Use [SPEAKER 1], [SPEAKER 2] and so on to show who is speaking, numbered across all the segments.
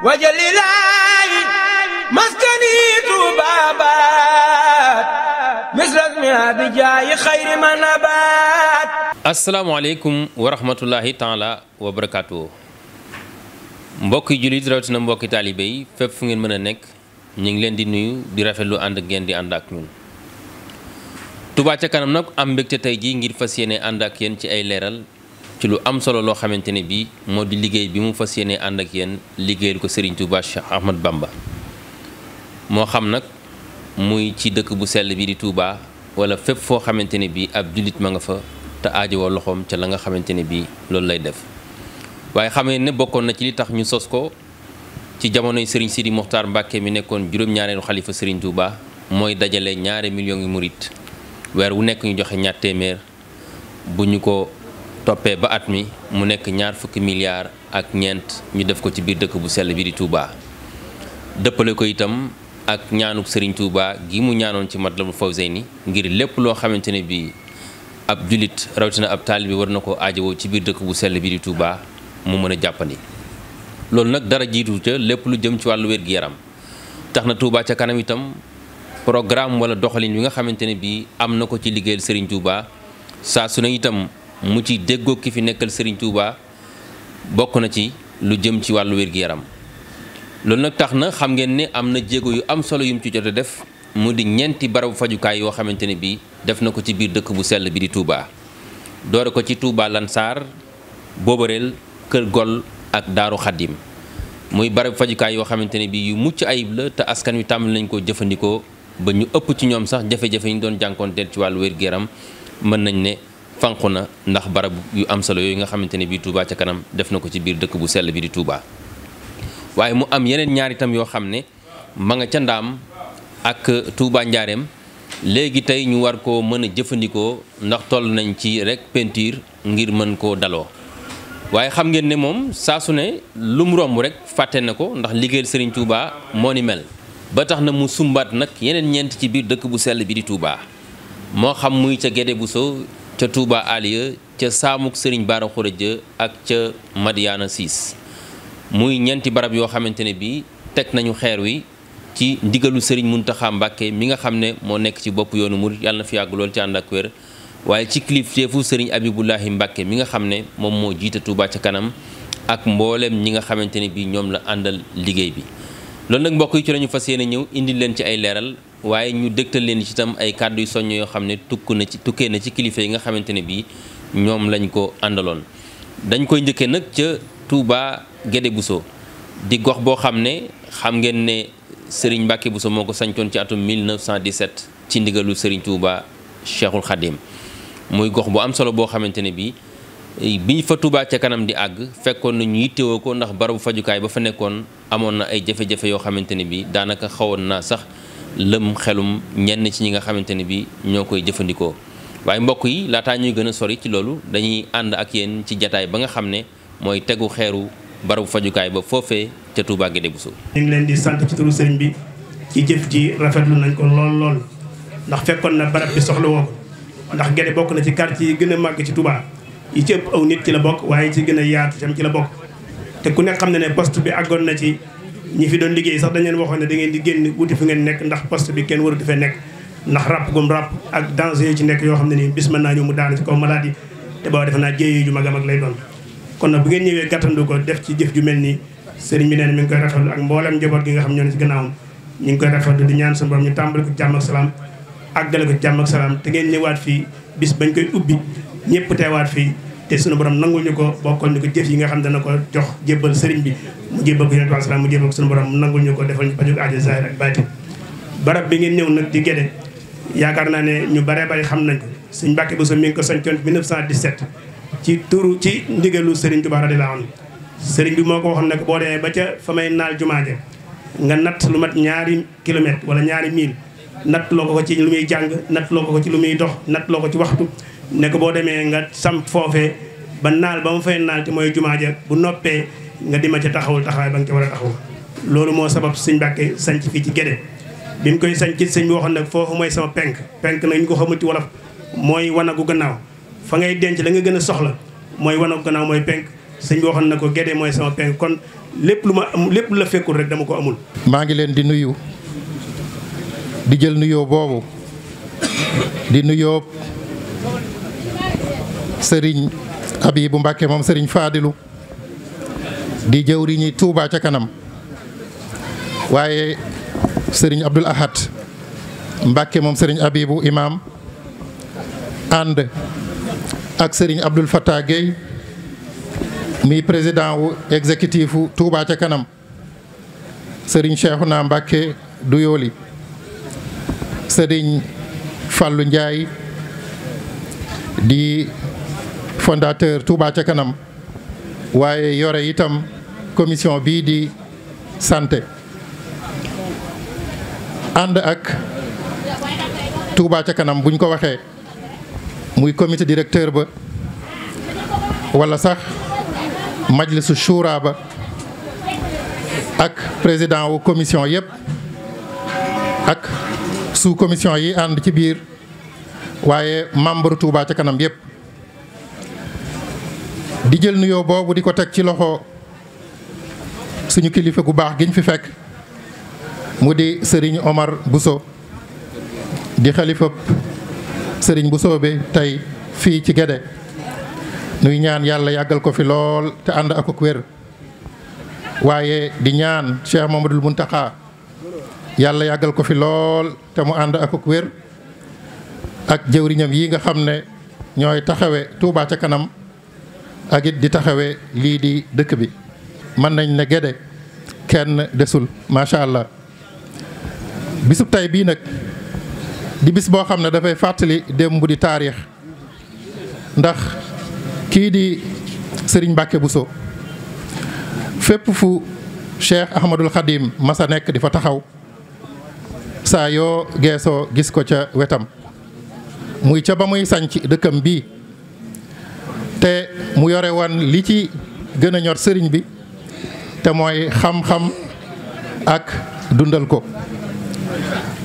[SPEAKER 1] wajalilaayi maskani tubaabaat misras mi abijaayi xayri ma nabaat
[SPEAKER 2] asalaamaaleykum wa rahmatullahi taala wa barakaatu mbokki jullit rawatina mbokki taalibe yi fu ngeen mën a nekk ñu ngi leen di nuyu di rafetlu ànd ak ngeen di ànd ak ñun Touba ca kanam nag am mbégte tey jii ngir fas yéene ànd ak yéen ci ay leeral ci lu am solo loo xamante ne bii moo di liggéey bi mu fas yéene ànd ak yéen liggéeyal ko sëriñ Touba Cheikh Ahmad Bamba moo xam nag muy ci dëkk bu sell bi di Touba wala fépp foo xamante ne bii ab jullit ma nga fa te aajowoo loxoom ca la nga xamante ne bii loolu lay def. waaye xam ne bokkoon na ci li tax ñu sos ko ci jamonoy Serigne Sidi Mokhtar Mbacke mi nekkoon juróom-ñaareelu xalifa Serigne Touba mooy dajale ñaari millions yu murit weer wu nekk ñu joxe ñaar téeméer bu ko. toppee ba at mi mu nekk ñaar fukki milliards ak ñeent ñu def ko ci biir dëkk bu sell bi di Touba dëppale ko itam ak ñaanuk sëriñ Touba gi mu ñaanoon ci la mu Matlabul Fawzayni ngir lépp loo xamante ne bii ab jullit rawatina ab taalibe war na ko aajowoo ci biir dëkk bu sell bi di Touba mu mën a jàppandi. loolu nag dara jiitu ca lépp lu jëm ci wàllu wér-gi-yaram tax na Touba ca kanam itam programme wala doxalin wi nga xamante ne bii am na ko ci liggéeyal Serigne Touba mu ci déggoo ki fi nekkal sëriñ Touba bokk na ci lu jëm ci wàllu wér-gu-yaram loolu nag tax na xam ngeen ne am na jéego yu am solo yu mu ci jot a def mu di ñeenti barabu fajukaay yoo xamante ne bii def na ko ci biir dëkk bu sell bi di Touba doore ko ci Touba Lansar Boborel Kër Gol ak Daaru Xaddim muy barabu fajukaay yoo xamante ne bii yu mucc ayib la te askan wi tàmbali nañ ko jëfandikoo ba ñu ëpp ci ñoom sax jafe-jafe yi ñu doon jànkoonteel ci wàllu wér gu mën nañ ne fanqu na ndax barab yu am solo yooyu nga xamante ne bii Touba ca kanam def na ko ci biir dëkk bu sell bi di Touba waaye mu am yeneen ñaar yoo xam ne ma nga ca ndaam ak Touba njaareem léegi tey ñu war koo mën a jëfandikoo ndax toll nañ ci rek peinture ngir mën koo daloo waaye xam ngeen ne moom saa su ne lu romb rek fàtte na ko ndax liggéeyal Serigne Touba moo ni mel ba na mu sumbaat nag yeneen ñeent ci biir dëkk bu sell bi di Touba ca Touba Aliya ca Saamuk Serigne Bara Khourédia ak ca Madiana Siis muy ñeenti barab yoo xamante ne bii teg nañu xeer wi ci ndigalu Serigne Mountakha Mbacké mi nga xam ne moo nekk ci bopp yoonu murid yàlla na fi yàgg lool ci ànd ak wér waaye ci kilifteefu Serigne Abibulahi Mbacké mi nga xam ne moom moo jiite Touba ca kanam ak mboolem ñi nga xamante ne bii ñoom la àndal liggéey bi. loolu nag mbokk yi ci lañu fas yéene ñëw indil leen ci ay leeral. waaye ñu dégtal leen ci itam ay kàddu yu soññ yoo xam ne tukku na ci tukkee na ci kilifa yi nga xamante ne bii ñoom lañ ko àndaloon. dañ koy njëkkee nag ca Touba Guédé Bousso di gox boo xam ne xam ngeen ne Serigne Mbacke Bousso moo ko sancoon ci atum 1917 ci ndigalu Serigne Touba Cheikhul Khadim muy gox bu am solo boo xamante ne bii. biñ fa Touba ca kanam di àgg fekkoon na ñu yittewoo ndax barabu fajukaay ba fa nekkoon amoon na ay jafe-jafe yoo xamante ne bii daanaka xawoon naa sax lëm xelum ñenn ci ñi nga xamante ne bi ñoo koy jëfandikoo waaye mbokk yi laataa ñuy gën a sori ci loolu dañuy ànd ak yenn ci jataay ba nga xam ne mooy tegu xeeru barabu fajukaay ba foofee ca Touba Guédé Bousso
[SPEAKER 3] ñu ngi leen di sant ci turu sëriñ bi ci jëf ji rafetlu nañ ko lool lool ndax fekkoon na barab bi soxla woo ko ndax Guédé bokk na ci quartier yi gën a màgg ci Touba yi ci ëpp aw nit ci la bokk waaye ci gën a yaatu tam ci la bokk te ku ne xam na ci ñi fi doon liggéey sax dañ waxoon ne da ngeen di génn wuti fi ngeen nekk ndax poste bi kenn waratu fee nekk ndax ràpp gum ràpp ak danger ci nekk yoo xam ne nii bis mën naa ñëw mu daanu ci kaw maladie te a mag lay doon kon nag bu ngeen ñëwee gàttandu ko def ci jëf ju mel nii sëriñ bi nee na mi ngi koy rafetlu ak mboolem njaboot gi nga xam ñoo ne ci gannaawam ñu ngi koy rafetlu di ñaan sa borom ñu tàmbali ko jàmm ak salaam àggale ko jàmm ak salaam te ngeen ñëwaat fii bis bañ koy ubbi ñëpp teewaat fii te sunu borom nangul ñu ko bokkal ñu ko jëf yi nga xam dana ko jox jébbal sëriñ bi mu jébbal ko yonent bi salaam mu jébbal ñu ko defal ñu paju barab bi ngeen ñëw nag di Guédé yaakaar naa ne ñu bare bari xam nañ ko sëñ Mbàkke Bousso mi ngi ko sancoon 1917 ci turu ci ndigalu sëriñ Tuubaa radiyallaahu anhu sëriñ bi moo ko waxoon ne boo demee ba ca fa may naal jumaa nga nat lu mat ñaari kilomètre wala ñaari mil nat loo ko ci lu muy jàng natt loo ko ci lu muy dox natt loo ko ci waxtu ne boo demee nga samp foofee ba naal ba mu fay naal te mooy jumaa ja bu noppee nga dima ca taxawul taxawaay ba nga ca war a taxaw loolu moo sabab sëñ Mbàkke sanc fii ci Gédé bi mu koy sanc sëñ bi waxoon nag foofu mooy sama penk penk nag ñu ko xamul ci wolof mooy wanagu gannaaw fa ngay denc la nga gën a soxla mooy wanagu gannaaw mooy penk sëñ bi waxoon na ko Gédé mooy sama penk kon lépp lu ma am lépp la fekkul rek dama ko amul.
[SPEAKER 4] maa ngi leen di nuyu di jël nuyoo boobu di nuyoo sëriñ Abibu Mbàkke moom sëriñ Faadilu di jëwriñi Tuubaa ca kanam waaye sëriñ Abdul Ahad Mbàkke moom sëriñ Abibu imaam ànd ak sëriñ Abdul Fattah Gueye mi président wu exécutif wu Tuubaa kanam sëriñ Cheikhouna mbake Duyooli sëriñ Fàllu Njaay di fondateur Touba ca kanam waaye yore itam commission bii di santé ànd ak Touba ca kanam buñ ko waxee muy commité directeur ba wala sax majlisu shura ba ak président wu commission yëpp ak su commission yi ànd ci biir waaye membre Touba ca kanam yëpp di jël nuyoo boobu di ko teg ci loxo suñu kilifa gu baax giñ fi fekk mu di Serigne Omar Bousso di xalifab sëriñ Bousso bi tey fii ci Guédé nuy ñaan yàlla yàggal ko fi lool te ànd ak waaye di ñaan Cheikh Mamadul Muntaxa yàlla yàggal ko fi lool te mu ànd ak ak wér ak jëwriñam yi nga xam ne ñooy taxawe Touba ca kanam ak di taxawee lii di dëkk bi mën nañ ne Guédé kenn desul macha allah bisub tay bii nag di bis boo xam ne dafay fàttali démb di taarix ndax kii di Serigne Mbacke Bousso fépp fu Cheikh Ahmadul Khadim masa nekk di fa taxaw saa yoo geesoo gis ko ca wetam muy ca ba muy sanc dëkkam bii te mu yore woon li ci gën a ñor sëriñ bi te mooy xam-xam ak dundal ko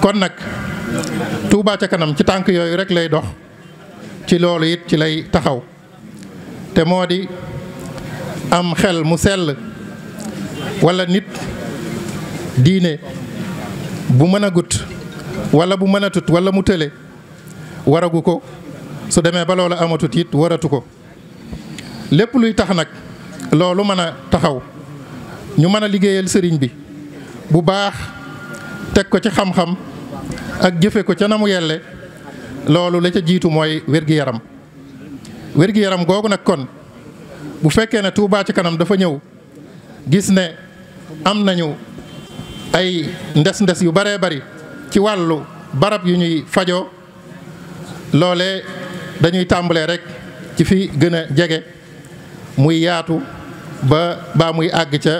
[SPEAKER 4] kon nag Touba ca kanam ci tànk yooyu rek lay dox ci loolu it ci lay taxaw te moo di am xel mu sell wala nit diine bu mën a gut wala bu mën a tut wala mu tële waragu ko su demee ba loolu amatut it waratu ko lépp luy tax nag loolu mën a taxaw ñu mën a liggéeyal sëriñ bi bu baax teg ko ci xam-xam ak jëfe ko ca na mu yelle loolu la ca jiitu mooy wér-gi-yaram wér-gi-yaram googu nag kon bu fekkee ne tuubaa ci kanam dafa ñëw gis ne am nañu ay ndes-ndes yu baree bari ci wàllu barab yu ñuy fajoo loole dañuy tàmbalee rek ci fi gën a jege muy yaatu ba baa muy àgg ca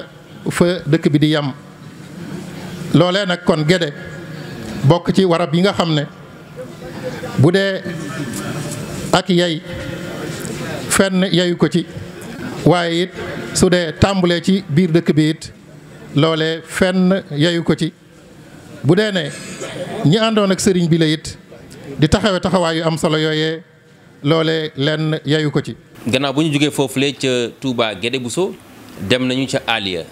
[SPEAKER 4] fa dëkk bi di yam loolee nag kon gede bokk ci warab yi nga xam ne bu dee ak yay fenn yayu ko ci waaye it su dee tàmbulee ci biir dëkk bi it loole fenn yayu ko ci bu dee ne ñi àndoon ak sëriñ bi la it di taxawe taxawaay yu am solo yooyee loole lenn yayu ko ci gannaaw bu
[SPEAKER 2] ñu jógee foofu foofulee ca Touba Guédé Bousso dem nañu ca Aliya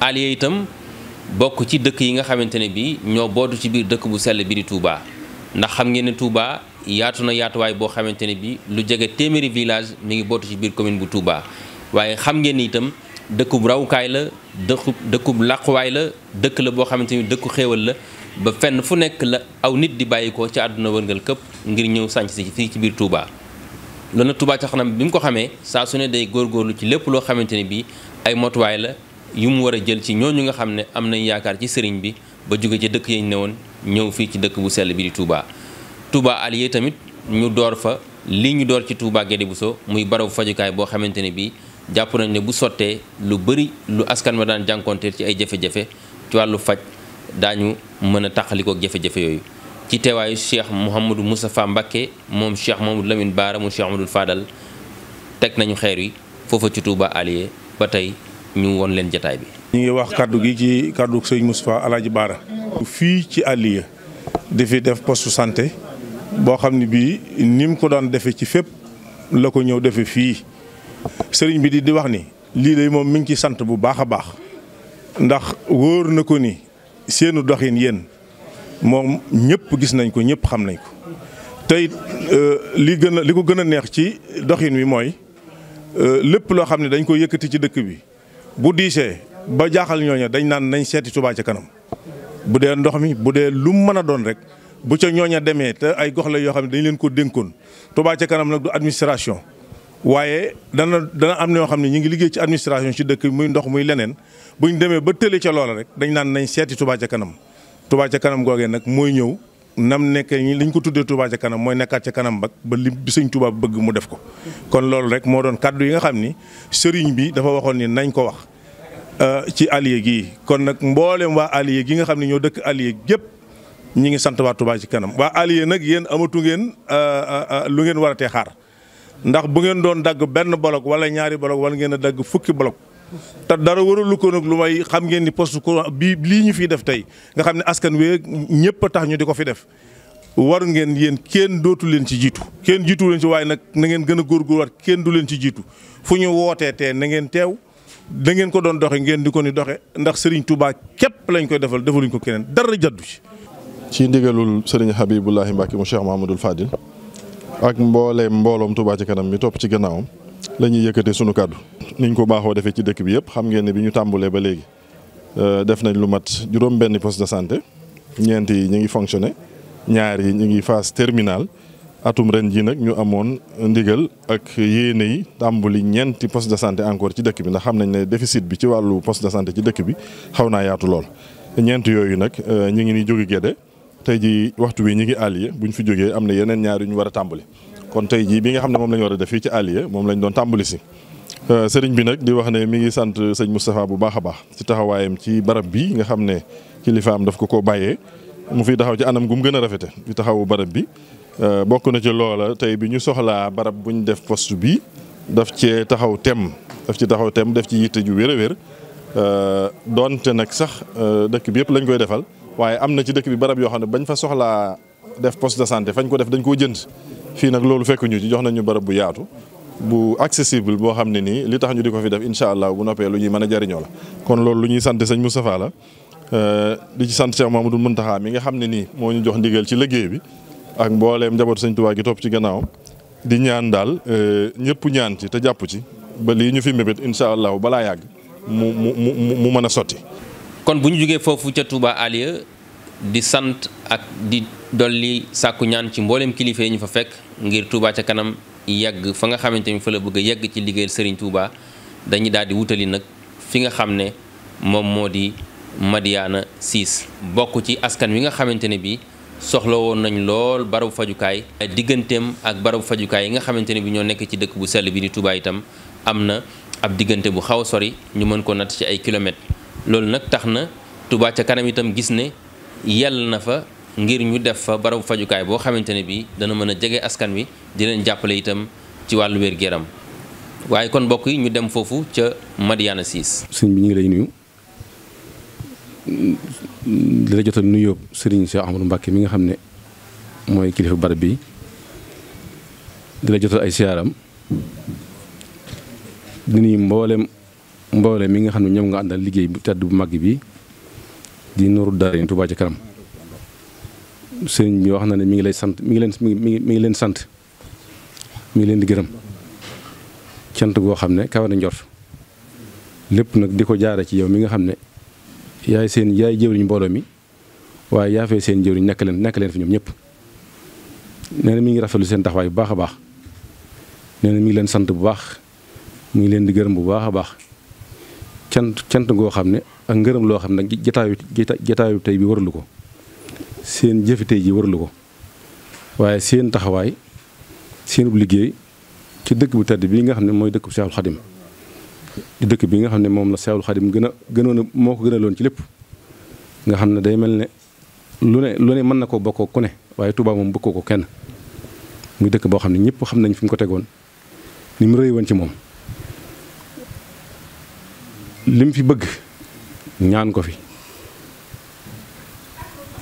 [SPEAKER 2] Aliya itam bokk ci dëkk yi nga xamante ne bi ñoo bootu ci biir dëkk bu sell bi di Touba ndax xam ngeen ne Touba yaatu na yaatuwaay boo xamante ne bi lu jege téeméeri village mi ngi bootu ci biir commune bu Touba waaye xam ngeen itam dëkku bu rawukaay la dëkku bu làquwaay la dëkk la boo xamante ni dëkku xéewal la ba fenn fu nekk la aw nit di bàyyi ko ca àdduna wërngal këpp ngir ñëw sànc si ci biir Touba loolu nag Touba ca xanam bi mu ko xamee saa su ne day góorgóorlu ci lépp loo xamante ne bii ay motuwaay la yu mu war a jël ci ñooñu nga xam ne am nañ yaakaar ci sëriñ bi ba jóge ci dëkk yañ ne woon ñëw fii ci dëkk bu sell bi di Touba. Touba Alieu tamit ñu door fa li ñu door ci Touba Guédé Bousso muy barabu fajukaay boo xamante ne bii jàpp nañ ne bu sottee lu bëri lu askan ma daan jànkonteel ci ay jafe-jafe ci wàllu faj daañu mën a taqalikoo jafe yooyu. ci teewaayu cheikh Mouhamadou Moustapha Mbacké moom cheikh Mouhamadou Lamine Baara mu cheikh Mouhamadou Fadal teg nañu xeer yi foofa ci Touba Alié ba tey ñu won leen jataay bi.
[SPEAKER 5] ñu ngi wax kàddu gi ci kàddu sëñ Moustapha Alaaji Baara. fii ci Alié di fi def poste santé boo xam ne bii ni mu ko daan defee ci fépp la ko ñëw defee fii sëriñ bi di di wax ni lii lay moom mi ngi ci sant bu baax a baax ndax wóor na ko ni seenu doxin yéen. moom ñëpp gis nañ ko ñëpp xam nañ ko tey euh, li gën a li ko gën a neex ci doxin wi mooy euh, lépp loo xam ne dañ koy yëkkati ci dëkk bi bu diisee ba jaaxal ñooña dañ naan nañ seeti tubaat ca kanam bu dee ndox mi bu dee lu mën a doon rek bu ca ñooña demee te ay gox la yoo xam ne dañ leen ko dénkoon Touba ca kanam nag du administration waaye dana dana am ñoo xam ne ñu ngi liggéey ci administration ci dëkk bi muy ndox muy leneen buñ demee ba tële ca loola rek dañ naan nañ seeti Touba ca kanam tubaa ca kanam googee nag mooy ñëw nam nekkee li ñu ko tuddee Touba ca kanam mooy nekkaat ca kanam ba ba li bi sëñ Touba mu def ko. kon loolu rek moo doon kaddu yi nga xam ni sëriñ bi dafa waxoon ni nañ ko wax euh, ci allié gii kon nag mboolem waa allié gi nga xam ne ñoo dëkk allié gépp ñi ngi sant waa Touba ci kanam waa allié nag yéen amatu ngeen euh, euh, lu ngeen war a tee xaar ndax bu ngeen doon dagg benn bolok wala ñaari bolok wala ngeen a dagg fukki bolog te dara waralu ko nag lu may xam ngeen ni poste courant bi lii ñu fiy def tey nga xam ne askan wi ñëpp a tax ñu di ko fi def war ngeen yéen kenn dootu leen ci jiitu kenn jiitu leen ci waaye nag na ngeen gën a góorgóorluwaat kenn du leen ci jiitu fu ñu wootee tee na ngeen teew da ngeen ko doon doxe ngeen di ko ni doxe ndax Serigne Touba képp lañ koy defal defaluñ ko keneen dara jaddu ci
[SPEAKER 6] ci ndigalul Serigne Habibullahi Mbacke mu Cheikh Mahamadul Fadil ak mboolee mbooloom Touba ci mi topp ci gannaawam la ñuy yëkkatee sunu kàddu niñ ko baaxoo defee ci dëkk bi yëpp xam ngeen ne bi ñu tàmbalee ba léegi euh, def nañ lu mat juróom-benn poste de santé ñeenti yi ñu ngi fonctionné ñaar yi ñu ngi phase terminale atum ren ji nag ñu amoon ndigal ak yéene yi tàmbali ñeenti poste de santé encore ci dëkk bi ndax nañ ne déficit bi ci wàllu poste de santé ci dëkk bi xaw naa yaatu lool ñeent yooyu nag euh, ñu ngi ni jóge Gédé tey ji waxtu wi ñu ngi bu ñu fi jógee am na yeneen ñaar yu ñu war a tàmbali kon tey jii bi nga xam ne moom la ñu war a def fii ci Alieu moom lañ doon tàmbali si euh, sëriñ bi nag di wax ne mi ngi sant sëñ Moustapha bu baax a baax ci taxawaayam ci barab bi nga xam ne kilifaam daf ko ko bàyyee mu fiy taxaw ci anam gu mu gën a rafete fi taxawu barab bi euh, bokk na ci loola tey bi ñu soxlaa barab bu ñu def poste bi daf cee taxaw tem daf ci taxaw tem def ci yitte ju wér a wér euh, doonte nag sax dëkk bi yëpp lañ koy defal waaye am na ci dëkk bi barab yoo xam ne bañ fa soxlaa def poste de santé fañ ko def dañ koo jënd fii nag loolu fekk ñu ci jox nañu barab bu yaatu bu accessible boo xam ne nii li tax ñu di ko fi def incha allah bu noppee lu ñuy mën a jariñoo la kon loolu lu ñuy sant sëñ Moustapha la euh, di ci sant Cheikh Mamadou Mountakha mi nga xam ne nii moo ñu jox ndigal ci liggéey ak mbooleem njaboot sëñ Tuubaa gi topp ci gannaawam di ñaan daal euh, ñëpp ñaan ci te jàpp ci ba lii ñu fi mébét incha allah balaa yàgg mu mu mu mu mën a sotti. kon
[SPEAKER 2] bu ñu jugee foofu ca Touba Alieu di sant ak di. dolli sàkku ñaan ci mbooleem kilifa yi ñu fa fekk ngir Touba ca kanam yegg fa nga xamante ni fa la bëgg a yegg ci liggéeyal Serigne Touba dañuy daal di wutali nag fi nga xam ne moom moo di Madiana 6 bokk ci askan wi nga xamante ne bi soxla woon nañ lool barabu fajukaay digganteem ak barabu fajukaay yi nga xamante ne bi ñoo nekk ci dëkk bu sell bi di Touba itam am na ab diggante bu xaw a sori ñu mën ko natt ci ay kilomètres loolu nag tax na Touba ca kanam itam gis ne yàlla na fa ngir ñu def fa barabu fajukaay boo xamante ne bii dana mën a jege askan wi di leen jàppale itam ci wàllu wér-gu-yaram waaye kon mbokk yi ñu dem foofu ca Madiana Siis
[SPEAKER 7] sëñ bi ñu ngi lay nuyu li la jot a nuyoo sëriñ Cheikh Ahmadou Mbacke mi nga xam ne mooy kilifa barab bi di la jotal ay siyaaram di nuyu mboolem mboole mi nga xam ne ñoom nga àndal liggéey bu tedd bu mag bi di nooru daara Touba ca kanam sëriñ bi wax na ne mi ngi lay sant mi ngi leen mi ngi leen sant mi ngi leen di gërëm cant goo xam ne kawe na njort lépp nag di ko jaare ci yow mi nga xam ne yaay seen yaay jëwriñ mbooloo mi waaye yaa fee seen jëwriñ nekk leen nekk leen fi ñoom ñëpp nee mi ngi rafetlu seen taxawaay bu baax a baax nee na mi ngi leen sant bu baax mi ngi leen di gërëm bu baax a baax cant cant goo xam ne ak ngërëm loo xam ne nag jataayu jataayu tey bi waralu ko seen jëfite ji waralu ko waaye seen taxawaay seenub liggéey ci dëkk bu tedd bii nga xam ne mooy dëkk bu Seexul di dëkk bi nga xam ne moom la Seexul Xadim gën a gënoon a moo ko gën loon ci lépp nga xam ne day mel ne lu ne lu ne mën na ko bokkoo ku ne waaye Tuubaa moom bokkoo ko kenn muy dëkk boo xam ne ñëpp xam nañ fi mu ko tegoon ni mu rëy ci moom li fi bëgg ñaan ko fi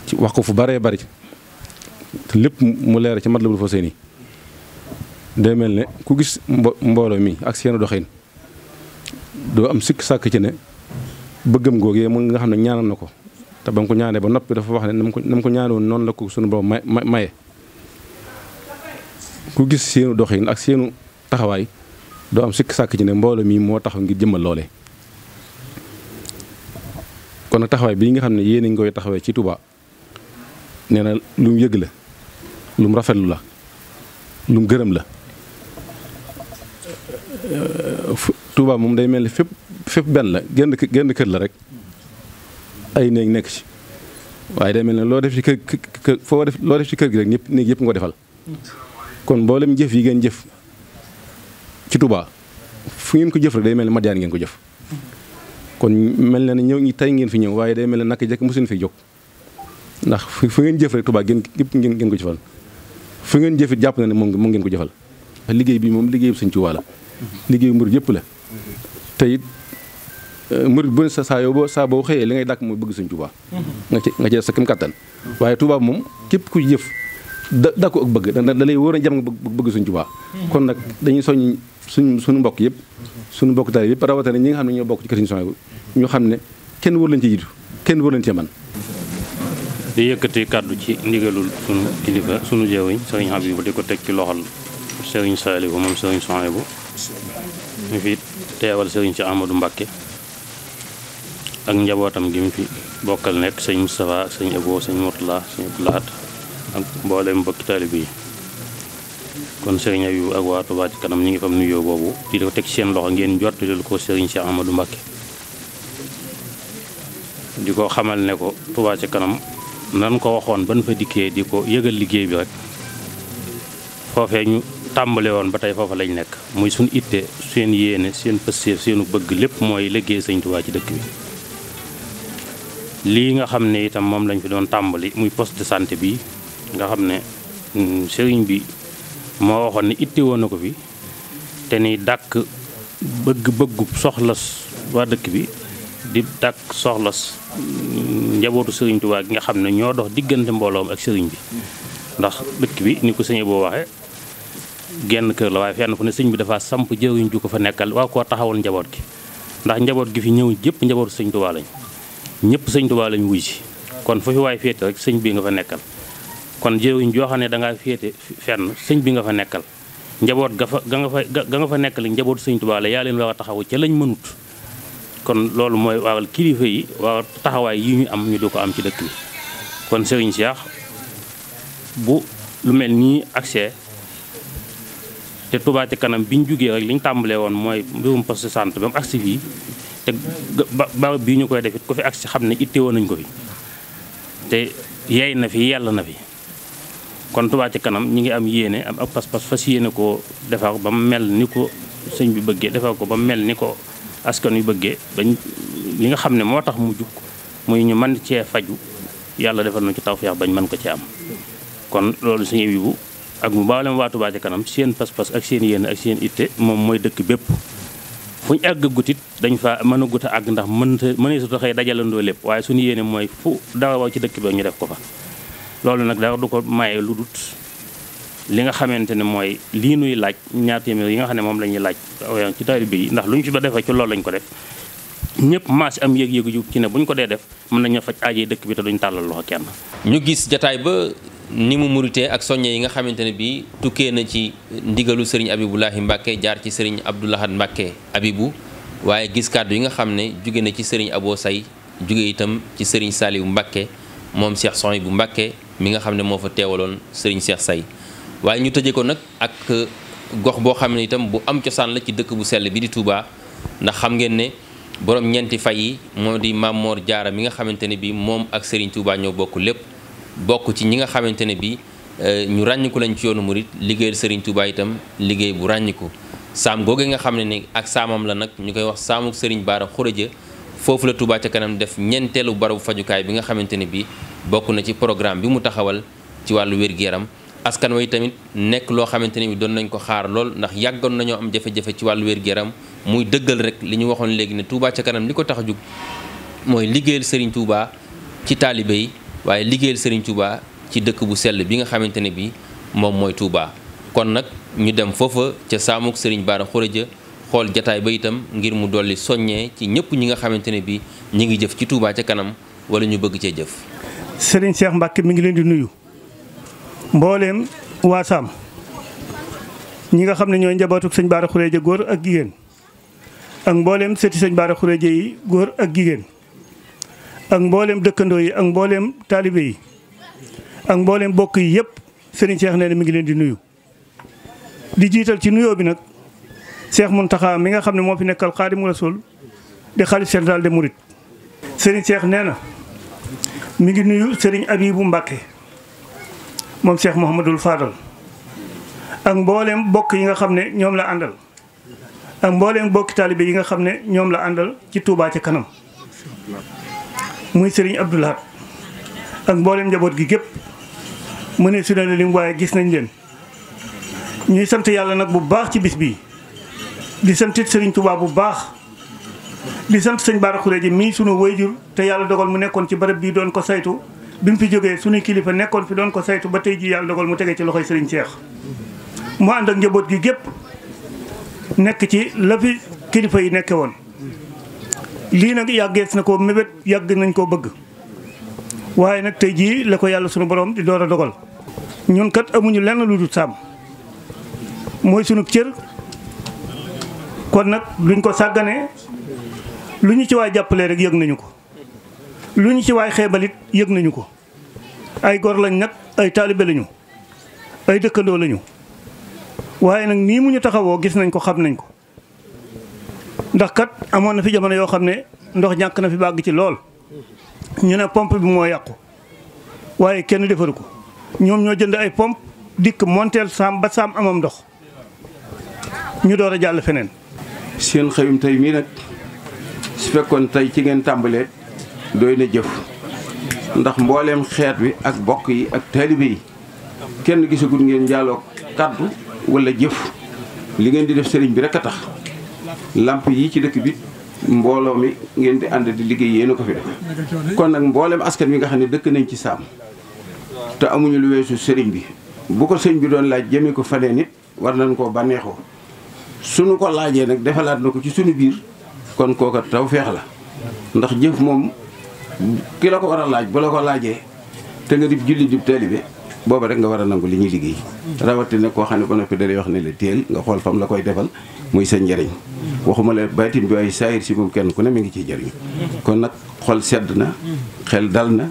[SPEAKER 7] ci wax ko fu baree bari te lépp mu leer ci mat la bul fa seen i day mel ne ku gis mbo mbooloo mi ak seen doxin doo am sikk sàkk ci ne bëggam googee mu nga xam ne ñaanal na ko te ba mu ko ñaanee ba noppi dafa wax ne nam ko na ko ñaanee noonu la ko sunu borom may maye ku gis seenu doxin ak seenu taxawaay doo am sikk sàkk ci ne mbooloo mii moo taxaw ngir jëmmal loolee kon nag taxawaay bii nga xam ne yéen a koy taxawee ci tubaa nee na lu yëg la lum mu rafetlu la lu gërëm la Touba moom day mel ni fépp fépp benn la genn genn kër la rek ay néeg nekk ci waaye day mel ne loo def ci kër def loo def kër gi rek ñëpp néeg yëpp nga defal kon mboolem jëf yi ngeen jëf ci Touba fu ngeen ko jëf rek day mel ni Madiane ngeen ko jëf kon mel na ne ñëw ñi tey ngeen fi ñëw waaye day mel ne jëkk jekk seen fi jóg ndax fu ngeen jëf rek Touba ngeen gépp ngeen ko jëfal fu ngeen jëfit jàpp na ne moom moom ngeen ko jëfal liggéey bi moom liggéey Sëñ Tuubaa la liggéeyu murid yëpp la te it euh, murid bu ne sa saa yoo saa boo xëyee li ngay dàkk mooy bëgg Sëñ Tuubaa nga ci nga ci sa kem kàttan waaye Tuubaa moom képp ku jëf da dàkku ak bëgg da lay wóor a jam nga bëgg Sëñ Tuubaa kon nag dañuy soññ suñ suñu mbokk yëpp suñu mbokk taal yëpp rawatina ñi nga xam ne ñoo bokk ci kër Sëñ ñu xam ne kenn wër lañ ci jiitu kenn wër lañ
[SPEAKER 8] li yëkkati kàddu ci ndigalul sunu kilifa sunu jëwiñ sëriñ Habibu di ko teg ci loxol sëriñ Saalihu moom sëriñ Sohaybu mi fi teewal sëriñ si Mbàkke ak njabootam gi mu fi bokkal nekk sëñ Moustapha ak sëñ Ebo sëñ ak mboolem mbokki taalibe yi kon sëriñ Habibu ak waa Touba ci kanam ñi ngi fam nuyoo boobu di ko teg ci seen loxo ngeen jottali ko sëriñ si amadu Mbàkke di ko xamal ne ko Touba ci kanam nan ko waxoon ban fa dikkee di ko yëgal liggéey bi rek foofee ñu tàmbale woon ba tey foofa lañu nekk muy suñ itte seen yéene seen pëstéef seenu bëgg lépp mooy liggéey sëñ Tuubaa ci dëkk bi lii nga xam ne itam moom lañ fi doon tàmbali muy poste de santé bi nga xam ne mm, sëriñ bi moo waxoon ne itti woon na ko fi te ni dàkk bëgg bëggu soxla waa dëkk bi di dàkk soxla njabootu Serigne Touba gi nga xam ne ñoo dox diggante mbooloom ak sëriñ bi ndax dëkk bi ni ko sëñ boo waxee genn kër la waaye fenn fu ne sëñ bi dafa samp jëriñ ju ko nekkal waa koo taxawal njaboot gi ndax njaboot gi fi ñëw jëpp njabootu sëñ Touba ñëpp sëñ Touba lañ wuy si kon fu waay féete sëñ bi nga fa nekkal kon jëriñ joo xam ne dangaa féete fenn sëñ bi nga fa nekkal njaboot ga fa ga nga fa ga nga fa nekkal njabootu sëñ Touba la yaa leen war a taxawu ca lañ mënut kon loolu mooy waral kilifa yi waral taxawaay yi ñu am ñu du ko am ci dëkk kon Serigne Cheikh bu lu mel nii accès te Touba Kanam bi ñu jógee rek li ñu tàmbalee woon mooy mbirum poste santé ba mu agsi fii te barab bii ñu koy def it ku fi agsi xam ne itteewoon nañ ko fi te yey na fi yàlla na fi kon Touba Kanam ñi ngi am yéene am ak pas-pas fas yéene koo defar ba mu mel ni ko sëñ bi bëggee defar ko ba mu mel ni ko askan yu bëggee bañ li nga xam ne moo tax mu jug muy ñu man cee faju yàlla defal na ci tawfeex bañ man ko ci am kon loolu suñu yibu ak mu mboolem waa Touba ca kanam seen pas-pas ak seen yéene ak seen itte moom mooy dëkk bépp fu ñu àgg gutit dañ fa mën a gut a àgg ndax mënta mëneesut a xëy dajalandoo lépp waaye suñu yéene mooy fu dara waw ci dëkk bi ñu def ko fa loolu nag dara du ko maye lu dut li nga xamante ne mooy lii nuy laaj ñaar téeméer yi nga xam ne moom la ñuy laaj ci taalibe yi ndax lu ñu ci ba defee ci loolu lañ ko def ñëpp maas am yéeg-yéegu yu ci ne bu ñu ko dee def mën
[SPEAKER 2] nañu faj aajee dëkk bi te duñ tàllal loxo kenn ñu gis jataay ba ni mu muritee ak soññe yi nga xamante ne bi tukkee na ci ndigalu sëriñ abibulaahi mbàkke jaar ci sëriñ abdoulahat mbàkke abibu waaye gis kàddu yi nga xam ne jóge na ci sëriñ aboo say jóge itam ci sëriñ saaliwu mbàkke moom seex soñ bu mbàkke mi nga xam ne moo fa teewaloon sëriñ seex say waaye ñu tëjee ko nag ak uh, gox boo xam ne itam bu am cosaan la ci dëkk bu sell bi di Touba ndax xam ngeen ne borom ñeenti fay yi moo di Maam Mor Jaara mi nga xamante ne bi moom ak Serigne Touba ñoo bokk lépp bokk ci ñi nga xamante ne bi uh, ñu ràññiku lañ ci yoonu murit liggéeyal Serigne Touba itam liggéey bu ràññiku saam googe nga xam ne ni ak saamam la nag ñu koy wax saamuk Serigne Baara Xurëja foofu la Touba ca kanam def ñeenteelu barabu fajukaay bi nga xamante ne bi bokk na ci programme bi mu taxawal ci wàllu wér-gu-yaram askan wi tamit nekk loo xamante ne bi doon nañ ko xaar lool ndax yàggoon nañoo am jafe-jafe ci wàllu wér-gu-yaram muy dëggal rek li ñu waxoon léegi ne Touba ca kanam li ko tax a jug mooy liggéeyal Serigne Touba ci taalibe yi waaye liggéeyal Serigne Touba ci dëkk bu sell bi nga xamante ne bi moom mooy Touba. kon nag ñu dem foofa ca saamuk Serigne Bara ja xool jataay ba itam ngir mu dolli soññee ci ñëpp ñi nga xamante ne bi ñu ngi jëf ci Touba ca kanam wala ñu bëgg cee jëf.
[SPEAKER 9] Serigne mi ngi leen di nuyu. mbooleem waasam ñi nga xam ne ñooy njabaatu sëñ Baara Xureeja góor ak jigéen ak mbooleem seeti sëñ Baara Xureeja yi góor ak jigéen ak mbooleem dëkkandoo yi ak mbooleem taalibe yi ak mbooleem bokk yi yëpp sëriñ seex nee na mi ngi leen di nuyu di jiital ci nuyoo bi nag Cheikh Mountakha mi nga xam ne moo fi nekkal Xaadimu Rasuul di xalif central de Mouride. sëriñ Cheikh nee na mu ngi nuyu sëriñ Abibu Mbàkke moom Cheikh Mouhamadul Fadal ak mbooleem bokk yi nga xam ne ñoom la àndal ak mbooleem bokki taalibe yi nga xam ne ñoom la àndal ci tuubaa ci kanam muy sëriñ Abdou Lahad ak mbooleem njaboot gi gépp mu ne su ne lim waaye gis nañ leen ñuy sant yàlla nag bu baax ci bis bii di santit sëriñ Touba bu baax di sant sëñ Bara Khourédia mii sunu wayjur te yàlla dogal mu nekkoon ci barab bii doon ko saytu bi mu fi jógee suñu kilifa nekkoon fi doon ko saytu ba tey ji yàlla dogal mu tege ci loxoy Serigne Cheikh mu ànd njaboot gi gépp nekk ci la kilifa yi nekke woon lii nag yàggees na ko mébét yàgg nañ koo bëgg waaye nag tey jii la ko yàlla sunu borom di door a dogal ñun kat amuñu lenn lu dul sàmm mooy sunu cër kon nag luñ ko sàggane lu ñu ci waay jàppalee rek yëg nañu ko lu ñu ci waay xeebalit yëg nañu ko ay gor lañ nag ay taalibe lañu ay dëkkandoo lañu waaye nag nii mu ñu taxawoo gis nañ ko xam nañ ko ndax kat amoon na fi jamono yoo xam ne ndox ñàkk na fi bàgg ci lool ñu ne pompe bi moo yàqu waaye kenn defaru ko ñoom ñoo jënd ay pompe dikk monteel saam ba saam amam ndox ñu door a jàll feneen.
[SPEAKER 10] seen xëyum tey mii nag su fekkoon tey ci ngeen tàmbalee doy na jëf. ndax mbooleem xeet wi ak bokk yi ak taalibe yi kenn gisagut ngeen njaaloo kàddu wala jëf li ngeen di def sëriñ bi rek a tax làmp yi ci dëkk bi mbooloo mi ngeen di ànd di liggéey yéen ko fi
[SPEAKER 5] def kon
[SPEAKER 10] nag mbooleem askan wi nga xam ne dëkk nañ ci saam te amuñu lu weesu sëriñ bi bu ko sëñ bi doon laaj jëmee ko faneen nit war nañ koo bànneexoo suñu ko laajee nag defalaat na ko ci suñu biir kon kooka taw feex la ndax jëf moom ki la ko war a laaj bu la ko laajee te nga dib julli dib bi booba rek nga war a nangu li ñuy liggéey rawatina koo xam ne ba noppi day wax ne la téel nga xool fam la koy defal muy sa njariñ waxuma la baytin bi ay saayir si moom kenn ku ne mu ngi ciy jëriñ kon nag xol sedd na xel dal na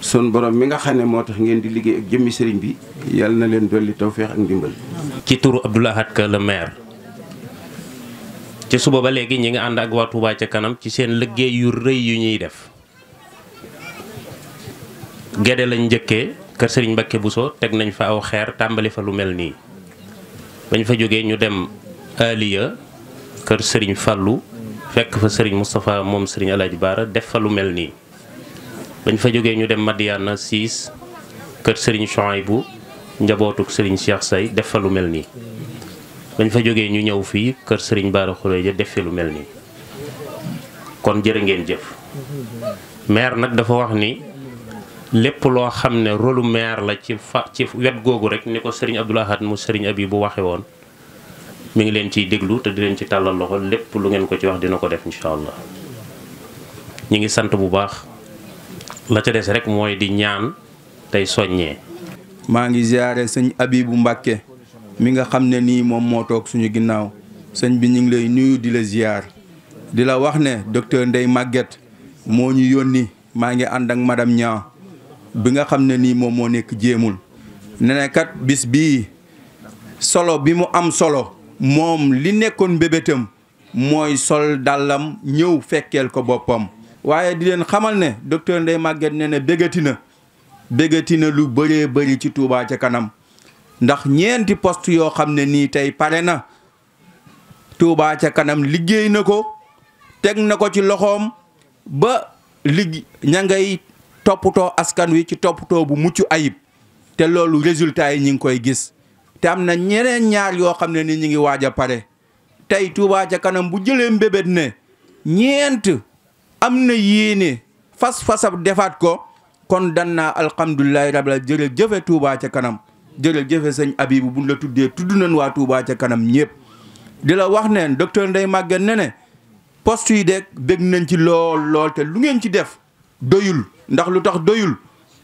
[SPEAKER 10] sun borom mi nga xam ne moo tax ngeen di liggéey ak jëmmi sëriñ bi yàlla na leen
[SPEAKER 8] dolli feex ak ndimbal ci turu Abdou Lahad Ka le maire ci suba ba léegi ñi nga ànd ak waa ca kanam ci seen liggéey yu rëy yu ñuy def Gédé lañ njëkkee kër Serigne Mbacké so teg nañu fa aw xeer tàmbali fa lu mel nii bañ fa jógee ñu dem Aliya kër sëriñ fallu fekk fa Serigne Moustapha moom Serigne El Hadj Baara def fa lu mel nii. dañ fa jógee ñu dem Madiana 6 kër Serigne Chouaïbou njabootuk Serigne Cheikh Say def fa lu mel nii. dañ fa jógee ñu ñëw fii kër Serigne Baara Khourédia def fi lu mel nii kon jërë ngeen jëf maire nag dafa wax ni. lépp loo xam ne rôlu maire la ci fa ci wet googu rek ni ko sëriñ Abdoul Ahad mu sëriñ abi bu waxe woon mi ngi leen ciy déglu te di leen ci tàllal loxo lépp lu ngeen ko ci wax dina ko def incha allah ñi ngi sant bu baax la ca des rek mooy di ñaan tey soññee
[SPEAKER 11] maa ngi ziare sëñ bu Mbàkke mi nga xam ne nii moom moo toog suñu ginnaaw sëñ bi ñu ngi lay nuyu di la ziar di la wax ne docteur Ndeye Maguette moo ñu yónni maa ngi ànd ak madame bi nga xam ne nii moom moo nekk jéemul ne kat bis bi solo bi mu am solo moom li nekkoon mbébétam mooy sol dàllam ñëw fekkeel ko boppam waaye di leen xamal ne docteur Ndeye Maguette ne na bégati na bégati na lu bëree bari ci Touba ca kanam ndax ñeenti post yoo xam ne nii tey pare na Touba ca kanam liggéey na ko teg na ko ci loxoom ba lig ña toppatoo askan wi ci toppatoo bu mucc ayib te loolu résultat yi ñu ngi koy gis te am na ñeneen ñaar yoo xam ne ni ñu ngi waaj a pare tey Touba ca kanam bu jëlee mbébét ne ñeent am na yéene fas-fasab defaat ko kon dannaa alhamdulilahi rabbil jërëjëfe Touba ca kanam jërëjëfe sëñ Abibu buñ la tuddee tudd nañ waa Touba ca kanam ñëpp di la wax ne docteur ndey Maguette ne ne poste yi de bég nañ ci lool lool te lu ngeen ci def doyul ndax lu tax doyul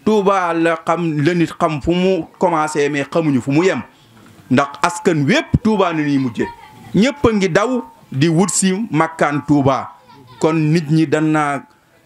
[SPEAKER 11] Touba la xam la nit xam fu mu commencé mais xamuñu fu mu yem ndax askan wépp Touba na ñuy mujje ñëpp a ngi daw di wut si makkaan kon nit ñi dan naa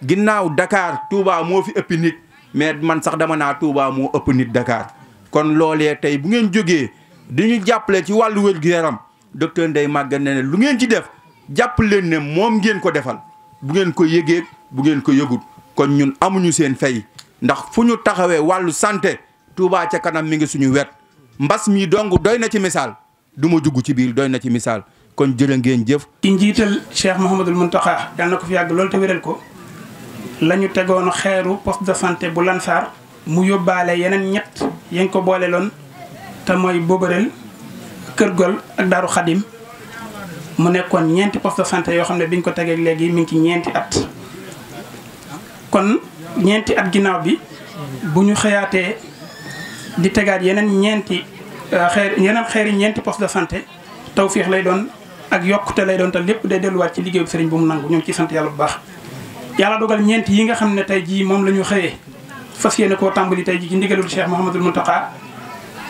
[SPEAKER 11] ginnaaw Dakar Touba moo fi ëpp nit mais man sax dama naa Touba moo ëpp nit Dakar kon loolee tey bu ngeen jógee di ñu jàppale ci wàllu wér-gu-yaram docteur Ndeye Maguette ne lu ngeen ci def jàpp leen ne moom ngeen ko defal bu ngeen ko yëgee bu ngeen ko yëgut kon ñun amuñu seen fay ndax fu ñu taxawee wàllu santé Touba ca kanam mi ngi suñu wet mbas mii dong doy na ci misaal du ma jugg ci biir doy na ci misaal kon jërë ngeen jëf. ki
[SPEAKER 1] njiital Cheikh Mouhamadul Mountakha yal na ko fi yàgg loolu te wéral ko la ñu tegoon xeeru poste de santé bu Lansar mu yóbbaale yeneen ñett yañ ko booleeloon te mooy Bobareel Kër Gol ak Daaru Xadim mu nekkoon ñeenti poste de santé yoo xam ne biñ ko tegeeg léegi mi ngi ci ñeenti at. kon ñeenti at ginnaaw bi bu ñu xëyaatee di tegaat yeneen ñeenti euh, xeer yeneen xeer yi ñeenti poste de santé tawféex lay doon ak yokkute lay doon te lépp day delluwaat ci liggéeyu sëriñ bu mu nangu ñoom ci sant yàlla bu baax. yàlla dogal ñeent yi nga xam ne tey jii moom la ñu xëyee fas yéene ko tàmbali tey jii ci ndigalul Cheikh Mouhamadul Mountakha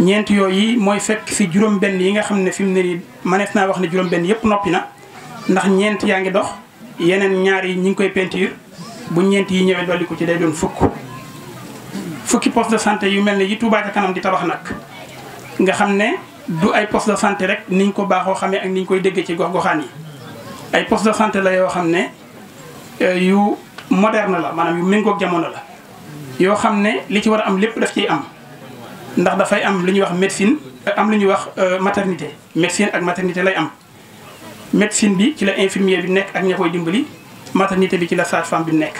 [SPEAKER 1] ñeent yooyu mooy fekk si juróom-benn yi nga xam ne fi mu ne nii manees naa wax ne juróom-benn yëpp noppi na ndax ñeent yaa ngi dox yeneen ñaar ñu ngi koy peinture. bu ñeent yi ñëwee dolli ko ci day doon fukk fukki post de santé yu mel ne yi Touba ca kanam di tabax nag nga xam ne du ay poste de santé rek niñ ko baaxoo xamee ak niñ koy déggee ci gox-goxaan yi ay poste de santé la yoo xam ne euh, yu moderne la maanaam yu méngoog jamono la yoo xam ne li ci war a am lépp daf ciy am ndax dafay am lu ñuy wax médecine euh, am lu ñuy wax euh, maternité médecine ak maternité lay am médecine bi ci la infirmier bi nekk ak ña koy dimbali maternité bi ci la sage-femme bi nekk.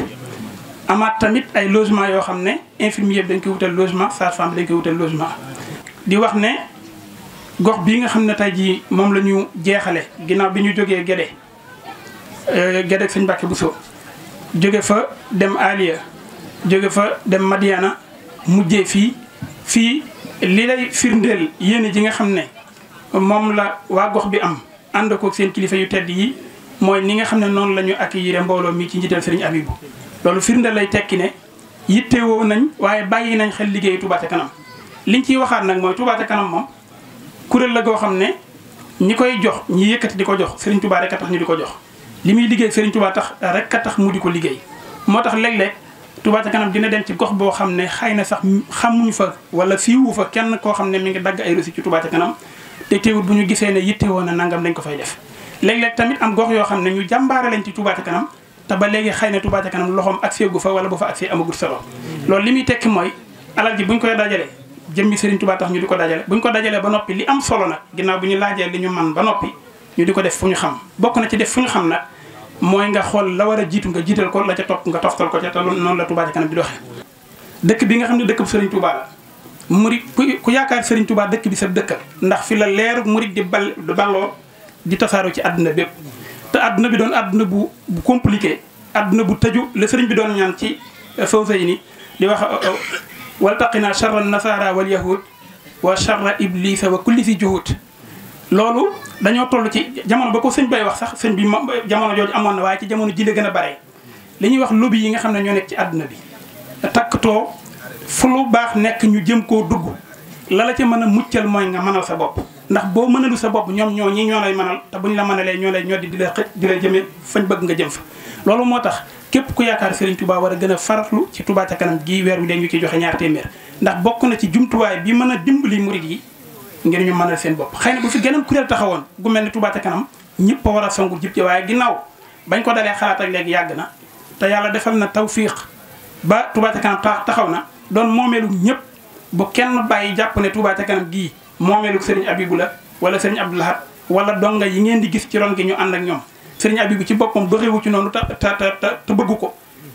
[SPEAKER 1] amaat tamit ay logement yoo xam ne infirmier bi dañ koy wutal logement sage-femme bi dañ koy wutal logement. di wax ne gox bii nga xam ne tey jii moom la ñu jeexale ginnaaw bi ñu jógee Gédé euh, Gédé ak sëñ bu Bousso jóge fa dem Aliya jóge fa dem Madiana mujjee fii fii li lay firndeel yéene ji nga xam ne moom la waa gox bi am ànd koog seen kilifa yu tedd yi mooy ni nga xam ne noonu la ñu accueillir mbooloo mi ci njiital Serigne Abibou loolu firnde lay tekki ne woo nañ waaye bàyyi nañ xel liggéeyu tubaat Ca Kanam liñ ciy waxaat nag mooy Touba Ca Kanam moom kuréel la goo xam ne ñi koy jox ñi yëkkati di ko jox Serigne Touba rek a tax ñu di ko jox. li muy liggéey Serigne Touba tax rek a tax mu di ko liggéey moo tax léeg-léeg Touba Ca Kanam dina dem ci gox boo xam ne xëy na sax xamuñu fa wala fiiwu fa kenn koo xam ne mu ngi dagg ay rosi ci Touba Ca Kanam te teewul bu ñu gisee ne yittewoo na nangam dañ ko fay def. léeg-léeg tamit am gox yoo xam ne ñu jàmbaare lañ ci Touba ca kanam te ba léegi xëy na Touba ca kanam loxoom accès gu fa wala bu fa accès amagut solo loolu li muy tekki mooy alal ji buñ koy dajale jëmmi Serigne Touba tax di ko dajale buñ ko dajalee ba noppi li am solo nag ginnaaw bu ñu laajee li ñu man ba noppi ñu di ko def fu ñu xam bokk na ci def fu ñu xam nag mooy nga xool la a jiitu nga jiital ko la ca topp nga toftal ko ca te noonu la Touba ca kanam di doxee dëkk bi nga xam ne dëkk bu Serigne Touba la murit ku yaakaar Serigne Touba dëkk bi sa dëkkal ndax fi la leeru muri di bal baloo di tasaaroo ci àdduna bépp te àdduna bi doon àdduna bu bu compliqué àdduna bu tëju la sëriñ bi doon ñaan ci fawsa euh, yi ni di wax euh, euh, naa charra nasara wal yahud wa charra iblisa wa kulli si juhut loolu dañoo toll ci jamono ba ko sëñ bay wax sax sëñ bi jamono jooju amoon na waaye ci jamono ji la gën a bare li ñuy wax lobby yi nga xam ne ñoo nekk ci àdduna bi takktoo fu lu baax nekk ñu jëm koo dugg la la ca mën a muccal mooy nga mënal sa bopp ndax boo mënalu sa bopp ñoom ñoo ñi ñoo lay mënal te buñ la mënalee ñoo lay ñoo di di la xëj di la jëmee fañ bëgg nga jëm fa loolu moo tax képp ku yaakaar Serigne Touba war a gën a farlu ci Touba ca kanam gii weer wi leen ñu ci joxe ñaar téeméer ndax bokk na ci jumtuwaay bi mën a dimbali murid yi ngir ñu mënal seen bopp xëy na bu fi gënam kuréel taxawoon gu mel ne Touba ca kanam ñëpp a war a songu jib ci waaye ginnaaw bañ ko dalee xalaat ak léegi yàgg na te yàlla defal na tawfiq ba Touba ca kanam taxaw na doon moomeelu ñëpp bu kenn bàyyi jàpp ne Touba kanam gii moomeelu sëriñ Abibu la wala sëriñ Abdou Lahad wala donga yi ngeen di gis ci ron gi ñu ànd ak ñoom sëriñ Abibu ci boppam doxewu ci noonu ta ta ta te bëggu ko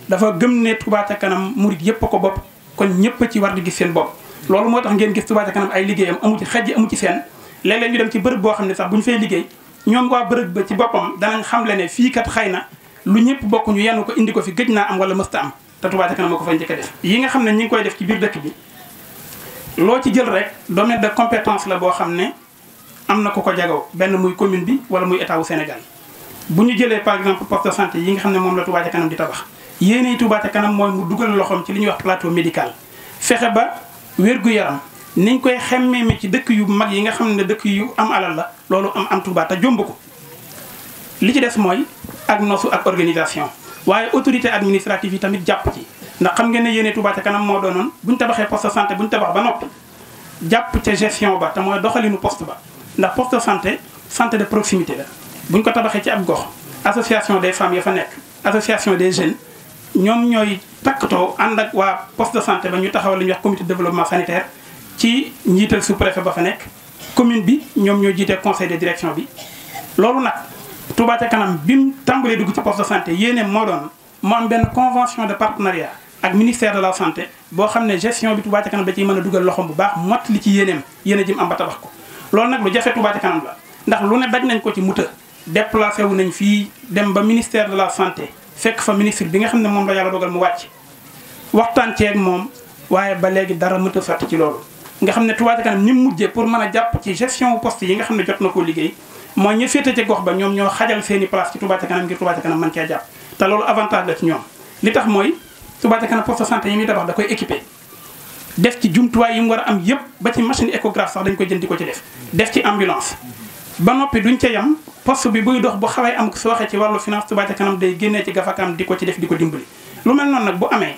[SPEAKER 1] dafa gëm ne Touba ca kanam murit yépp a ko bopp kon ñépp a ci war di gis seen bopp loolu moo tax ngeen gis Touba ca kanam ay liggéeyam amu ci xaj amu ci seen léeg-léeg ñu dem ci bërëb boo xam ne sax bu ñu fay liggéey ñoom waa bërëb ba ci boppam danañ xamle ne fii kat xëy na lu ñëpp bokk ñu yenu ko indi ko fi gëj naa am wala mësta am te Touba ca kanam moo ko fa njëkk a def yi nga xam ne ñi ngi koy def ci biir dëkk bi loo ci jël rek domaine de compétence la boo xam ne am na ku ko jagoo benn muy commune bi wala muy état wu Sénégal bu ñu jëlee par exemple poste de santé yi nga xam ne moom la Touba ca kanam di tabax yéenay Touba kanam mooy mu dugal loxoom ci li ñuy wax plateau médical fexe ba wér-gu-yaram niñ koy xemmeeme ci dëkk yu mag yi nga xam ne dëkk yu am alal la loolu am am Touba te ko li ci des mooy ak nosu ak organisation waaye autorité administrative yi tamit jàpp ci ndax xam ngeen ne yéene Touba ca kanam moo doonoon buñ tabaxee poste santé buñ tabax ba noppi jàpp ca gestion ba te mooy doxalinu post ba ndax poste santé santé de proximité la buñ ko tabaxee ci ab gox association des femmes ya fa nekk association des jeunes ñoom ñooy takkatoo ànd ak waa poste de santé ba ñu taxawal li ñuy wax comité de développement ci njiital sous-préfet ba fa nekk commune bi ñoom ñoo jiite conseil de direction bi loolu nag Touba ca kanam bi mu tàmbalee dugg ci poste de santé yéene moo doon moo am benn de partenariat ak ministère de la santé boo xam ne gestion bi Touba ca kanam da ciy mën a dugal loxoom bu baax mott li ci yéeneem yéene jëm am ba tabax ko loolu nag lu jafe Touba ca kanam la ndax lu ne daj nañ ko ci muta déplacé wu nañ fii dem ba ministère de la santé fekk fa ministre bi nga xam ne moom la yàlla dogal mu wàcc waxtaan ceeg moom waaye ba léegi dara mënta sotti ci loolu nga xam ne Touba ca kanam ni mu mujjee pour mën a jàpp ci gestion poste yi nga xam ne jot na koo liggéey mooy ñu féete ci gox ba ñoom ñoo xajal seen i place ci Touba ca kanam ngir mën cee jàpp te loolu avantage ci ñoom li tax mooy Touba ca kanam poste santé yi muy tabax da koy équipé def ci jumtuwaay yi mu war a am yëpp ba ci machine échographe sax dañ ko jënd di ko ci def def ci ambulance ba noppi duñ ca yam poste bi buy dox bu xawee am soo waxee ci wàllu finance Touba ca kanam day génnee ci gafakaam di ko ci def di ko dimbali lu mel noonu nag bu amee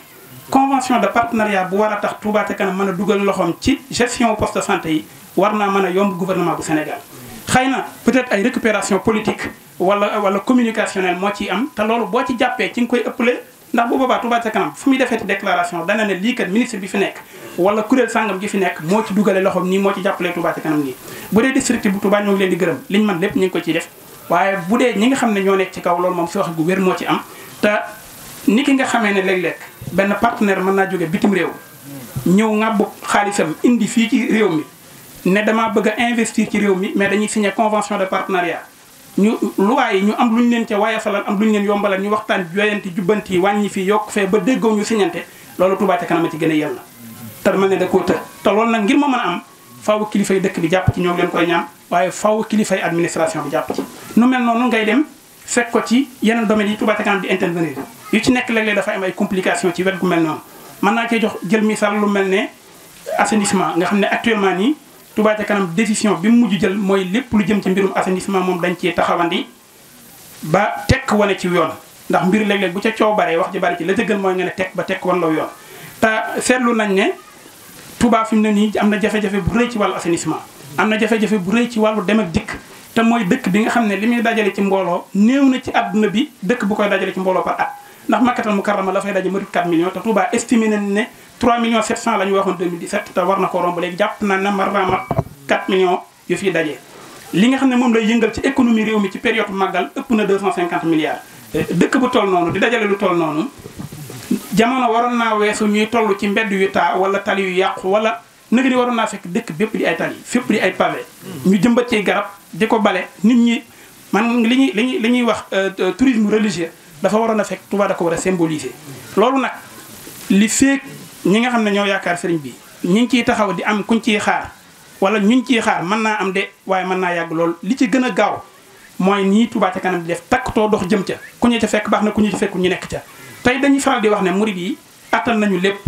[SPEAKER 1] convention de partenariat bu war a tax Touba kanam mën a dugal loxoom ci gestion poste santé yi war naa mën a yomb gouvernement bu Sénégal xëy na peut-être ay récupération politique wala wala communicationnelle moo ciy am te loolu boo ci jàppee ci nga koy ëppale ndax bu boobaa Touba ca kanam fu muy defeeti déclaration dana ne lii kat ministre bi fi nekk wala kuréel sàngam gi fi nekk moo ci dugale loxoom nii moo ci jàppalee Touba ca kanam nii bu dee district bu Touba ñoo ngi leen di gërëm liñ man lépp ñu ngi ko ciy def waaye bu dee ñi nga xam ne ñoo nekk ci kaw loolu moom fi wax gu wér moo ci am te ni ki nga xamee ne léeg lekk benn partenaire mën naa jóge bitim réew ñëw ngàbbu xaalisam indi fii ci réew mi ne dama bëgg a ci réew mi mais dañuy signé convention de partenariat ñu luwaa yi ñu am lu ñu leen ca wayafalal am lu ñu leen yombalal ñu waxtaan joyanti jubbanti yi wàññi fi yokk fee ba déggoo ñu siñante loolu Touba ca kanam a ci gën a yell te mel ne da koo të ma mën a am faw kilifay dëkk bi jàpp ci ñoo ngi leen koy ñaan waaye faw kilifay administration bi jàpp ci mel noonu ngay dem fekk ko ci yeneen domaines yi Touba ca kanam di intervenir yu ci nekk léeg-léeg am ay complication ci wet gu mel noonu mën naa cee jox jël misaal lu mel ne assainissement nga xam ne actuellement nii tubaa ca kanam décision bi mu mujj jël mooy lépp lu jëm ci mbirum assainissement moom dañ cee taxawandi ba tekk wane ci yoon ndax mbir léeg-léeg bu ca coow baree wax ji bari ci la ca gën mooy nga ne tekk ba tekk wan law yoon te seetlu nañ ne tubaa fi mu ne nii am na jafe-jafe bu rëy ci wàllu assainissement am na jafe-jafe bu rëy ci wàllu dem ak dikk te mooy dëkk bi nga xam ne li muy dajale ci mbooloo néew na ci àdduna bi dëkk bu koy dajale ci mbooloo par ndax Makkatal Mukarrama la fay daje matut 4 millions te Touba estimé nañ ne 3 millions 700 la ñu waxoon 2017 te war na ko romb léegi jàpp na na mar naa mat 4 millions yu fiy dajee li nga xam ne moom lay yëngal ci économie réew mi ci période màggal ëpp na 250 milliards eh, dëkk bu toll noonu di dajale lu toll noonu jamono waroon naa weesu ñuy toll ci mbedd yu taa wala tali yu yàqu wala nag ni waroon naa fekk dëkk bépp di ay tali fépp di ay pavé ñu jëmbat ci garab di ko bale nit ñi man li ñuy li ñuy li ñuy wax euh, euh, tourisme religieux dafa waroon a fekk Touba ko war a symboliser loolu ñi nga xam ne ñoo yaakaar sëriñ bi ñu ngi ciy taxaw di am kuñ ciy xaar ñu ñu ciy xaar mën naa am de waaye mën naa yàgg lool li ci gën a gaaw mooy nii Touba ca kanam di def takktoo dox jëm ca ku ñu fekk baax na ku ñu ca fekk nekk ca tey dañuy faral di wax ne murid yi attan nañu lépp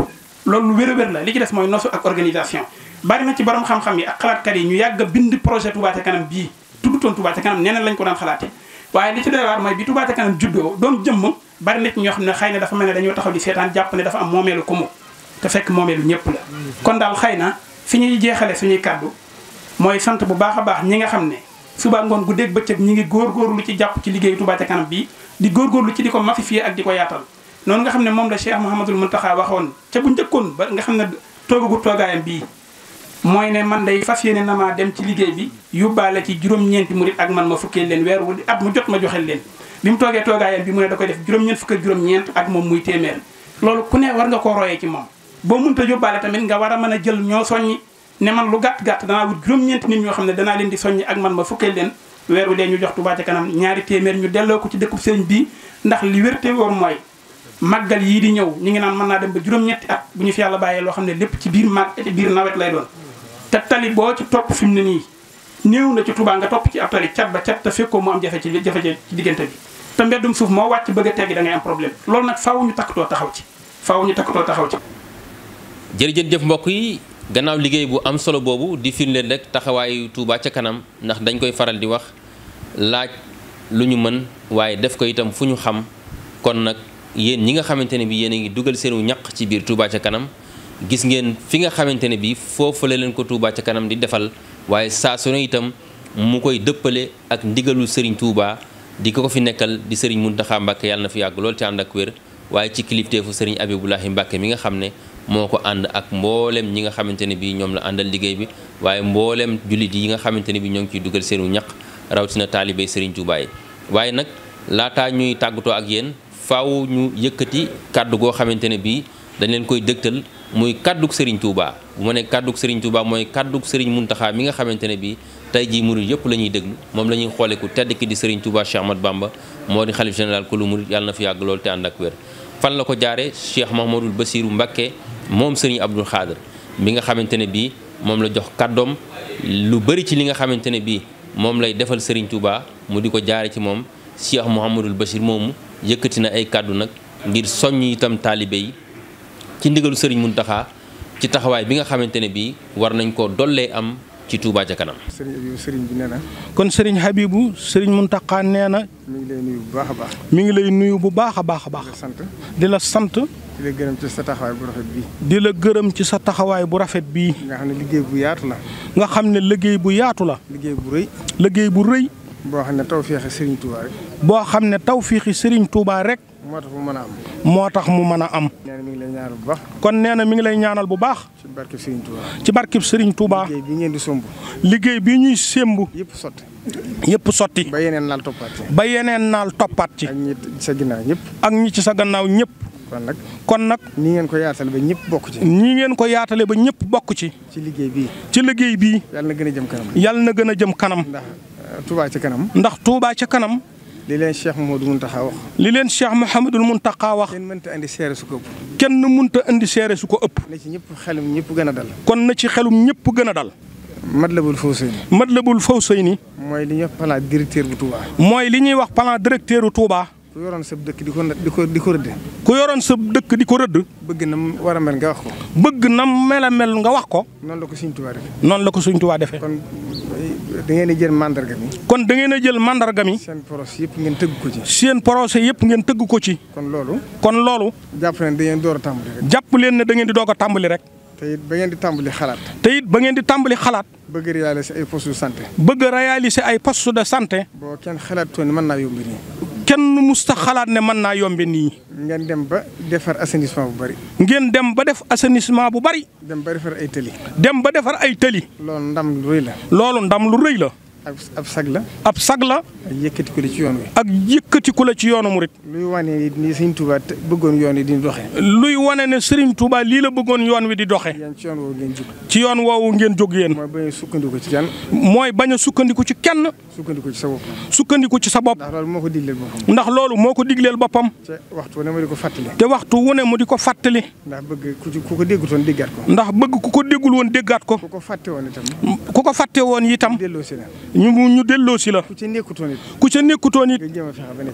[SPEAKER 1] loolu lu wér a li ci des mooy nosu ak organisation bari na ci borom xam-xam yi ak xalaatkat yi ñu yàgg a bind projet Touba ca kanam bii tuddutoon Touba ca kanam neneen lañ ko daan xalaate waaye li ci doy waar mooy bi Touba ca kanam juddoo doon jëmm bari na ñoo xam ne xay na dafa mel ne dañoo taxaw di seetaan jàpp ne dafa am moomeelu ko mu te fekk moomeelu ñëpp la. kon daal xëy na fi ñuy jeexale suñuy kàddu mooy sant bu baax a baax ñi nga xam ne suba ngoon guddeeg bëccëg ñi ngi góorgóorlu ci jàpp ci liggéeyu Touba ca kanam bii di góorgóorlu ci di ko mafifier ak di ko yaatal noonu nga xam ne moom la Cheikh Mouhamadul taxaa waxoon ca bu njëkkoon ba nga xam ne toogagu toogaayam bii mooy ne man dey fas yéene na maa dem ci liggéey bi yóbbaale ci juróom-ñeenti murit ak man ma fukkee leen weer wu at mu jot ma joxel leen bi mu toogee toogaayam bi mu ne da def juróom-ñeent fukk ak ñeent ak moom muy téeméer loolu ku ne war nga ko ci moom boo mënta yóbbaale tamit nga war a mën a jël ñoo soññi ne man lu gàtt gàtt danaa wut juróom-ñeenti nit ñoo xam ne danaa leen di soññi ak man ma fukkee leen weeru lee ñu jox Touba ca kanam ñaari téeméer ñu delloo ko ci dëkkub sëñ bi ndax li wér te woon mooy màggal yii di ñëw ñu ngi naan mën naa dem ba juróom-ñetti at bu ñu fi yàlla bàyyee loo xam ne lépp ci biir mag biir nawet lay doon te tali boo ci topp fi mu ne nii néew na ci Touba nga topp ci ab tali cat ba cat te fekkoo mu am jafe ci jafe bi te mbeddum suuf moo wàcc bëgg a teggi da ngay am problème nag faaw ñu takkatoo taxaw ci faaw ñu takkatoo taxaw ci
[SPEAKER 2] jërëjën jëf mbokk yi gannaaw liggéey bu am solo boobu di firndeel rek taxawaayu Touba ca kanam ndax dañ koy faral di wax laaj lu ñu mën waaye def ko itam fu ñu xam kon nag yéen ñi nga xamante ne bi yéen a ngi dugal seenu ñaq ci biir Touba ca kanam gis ngeen fi nga xamante ne bi foofu la leen ko Touba ca kanam di defal waaye saa su itam mu koy dëppale ak ndigalu sëriñ Touba di ko ko fi nekkal di sëriñ Muntaxa Mbàkke yàlla na fi yàgg lool ci ànd ak wér waaye ci kilifteefu sëriñ Abibulahi Mbàkke mi nga xam ne moo ko ànd ak mboolem ñi nga xamante ne bi ñoom la àndal liggéey bi waaye mbooleem jullit yi nga xamante ne bi ñoo ngi ciy dugal seenu ñaq rawatina taalibee Serigne Touba yi waaye nag laataa ñuy tàggatoo ak yéen faw ñu yëkkati kàddu goo xamante ne bii dañ leen koy dëgtal muy kàddug Serigne Touba bu ma ne kàddug Serigne Touba mooy kàddug Serigne Mountakha mi nga xamante ne bii tey jii murid yëpp la ñuy déglu moom la ñuy xoolee ku tedd ki di Serigne Touba Cheikh Ahmad Bamba moo di xalif général ku lu murid yàlla na fi yàgg lool te ànd ak wér fan la ko jaare Cheikh Mahmadul Basiru Mbakke moom sëriñ Abdul Xaadir bi nga xamante ne bii moom la jox kàddoom lu bari ci li nga xamante ne bii moom lay defal sëriñ Touba mu di ko jaare ci moom Cheikh Mouhamadul Bachir moomu yëkkati na ay kàddu nag ngir soññ itam taalibe yi ci ndigalu sëriñ Muntaxa ci taxawaay bi nga xamante ne war nañ koo dollee am ci Touba ca kanam.
[SPEAKER 12] sëriñ bi nee na. kon sëriñ Habibou sëriñ Mountakha nee na. mi ngi lay nuyu bu baax a baax. mi ngi lay nuyu bu baax a baax a baax. di la sant. di la gërëm ci sa taxawaay bu rafet bii. di la gërëm ci sa taxawaay bu rafet bii. nga xam ne liggéey bu yaatu la. nga xam ne liggéey bu yaatu la. liggéey bu rëy. liggéey bu rëy. boo xam ne tawféexi sëriñ Touba rek. boo xam ne tawféexi sëriñ Touba rek. moo tax mu mën a am. moo tax mu mën a am. mi ngi lay ñaanal bu baax. kon nee na mi ngi lay ñaanal bu baax. ci barkeb Serigne Touba. ci barkeb Serigne Touba. liggéey bi ngeen di sumb. liggéey bi ñuy sémb. yëpp sotti. yëpp sotti. ba yeneen naal toppaat ci. ba yeneen naal toppaat ci. ak ñi ci sa ñëpp. ak ñi ci sa gannaaw ñëpp. kon nag kon nag. nii ngeen ko yaatale ba ñëpp bokk ci. nii ngeen ko yaatale ba ñëpp bokk ci. ci liggéey bi ci liggéey bii. yàlla na gën a jëm kanam. yàlla na gën a jëm kanam. ndax Touba ca kanam. ndax Touba ca kanam li leen Cheikh Mouhamadou Mountakha wax. li leen Cheikh Mouhamadou Mountakha wax. kenn mënta indi seere su ko ëpp. kenn mënta indi seere su ko ëpp. na ci ñëpp xelum ñëpp gën a dal. kon na ci xelum ñëpp gën a dal. la Matlabul Fawsayni. Matlabul ni mooy li ñuy wax plan directeur bu Touba. mooy li ñuy wax plan directeur bu Touba. ku yoroon sa dëkk di ko di ko di ko rëdd. ku yoroon sa dëkk di ko rëdd. bëgg na mu mel nga wax ko. bëgg na mu mel a nga wax ko. noonu la ko Sëriñ Tuubaa defee. noonu la ko Sëriñ Tuubaa defee. kon da ngeen a jël mandarga mi. kon da ngeen a jël mandarga mi. seen projet yëpp ngeen tëgg ko ci. seen projet yëpp ngeen tëgg ko ci. kon loolu. kon loolu. jàpp leen da ngeen door a tàmbali rek. jàpp leen ne da ngeen di doog a tàmbali rek. ba ngeen di tàmbali xalaat. te it ba ngeen di tàmbali xalaat. bëgg réaliser ay postes de santé. bëgg réaliser ay postes de santé. boo kenn toon mën naa yomb nii. kenn musta xalaat ne mën naa yombe nii. ngeen dem ba defar assainissement bu bari. ngeen dem ba def assainissement bu bari. dem ba defar ay tëli. dem ba defar ay tëli. loolu ndam lu rëy la. loolu ndam lu rëy la. ab sag la. ab sag la. ak yëkkati ko la ci yoon wi. ak yëkkati ko la ci yoonu murit. luy wane ni Serigne Touba bëggoon yoon wi di doxee. luy wane ne Serigne Touba lii la bëggoon yoon wi di doxee. ci yoon woowu ngeen jóg. ci yoon woowu ngeen jóg yéen. mooy bañ a sukkandiku ci kenn. mooy bañ a sukkandiku ci kenn. sukkandiku ci sa bopp. sukkandiku ci sa bopp. ndax loolu moo ko digleel boppam. ndax loolu moo ko digleel boppam. te waxtu wu ne mu di ko fàttali. te waxtu wu ne mu di ko fàttali. ndax bëgg ku ko déggutoon déggaat ko. ndax bëgg ku ko déggul woon déggaat ko. ku ko fàtte woon itam. ku ko fàtte woon itam. delloosi na ñu ñu delloo si la. ku ca nekkutoon it. ku ca nekkutoon it.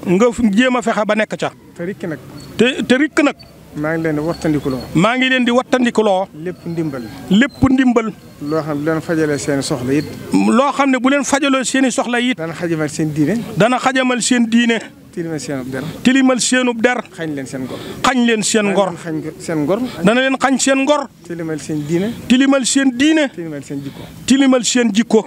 [SPEAKER 12] nga jéem a fexe ba nekk ca. te rikk nag. te te rikk nag. maa ngi leen di wattandikuloo. maa ngi leen di wattandikuloo. lépp ndimbal. lépp ndimbal. loo xam ne bu leen fajalee seen soxla it. loo xam ne bu leen fajalee seen i soxla it. dana xajamal seen diine. dana xajamal seen diine. tilimal seenub der. tilimal seenub der. xañ leen seen ngor. xañ leen seen ngor. xañ seen ngor. dana leen xañ seen ngor. tilimal seen diine. tilimal seen diine. tilimal seen jikko. tilimal seen jikko.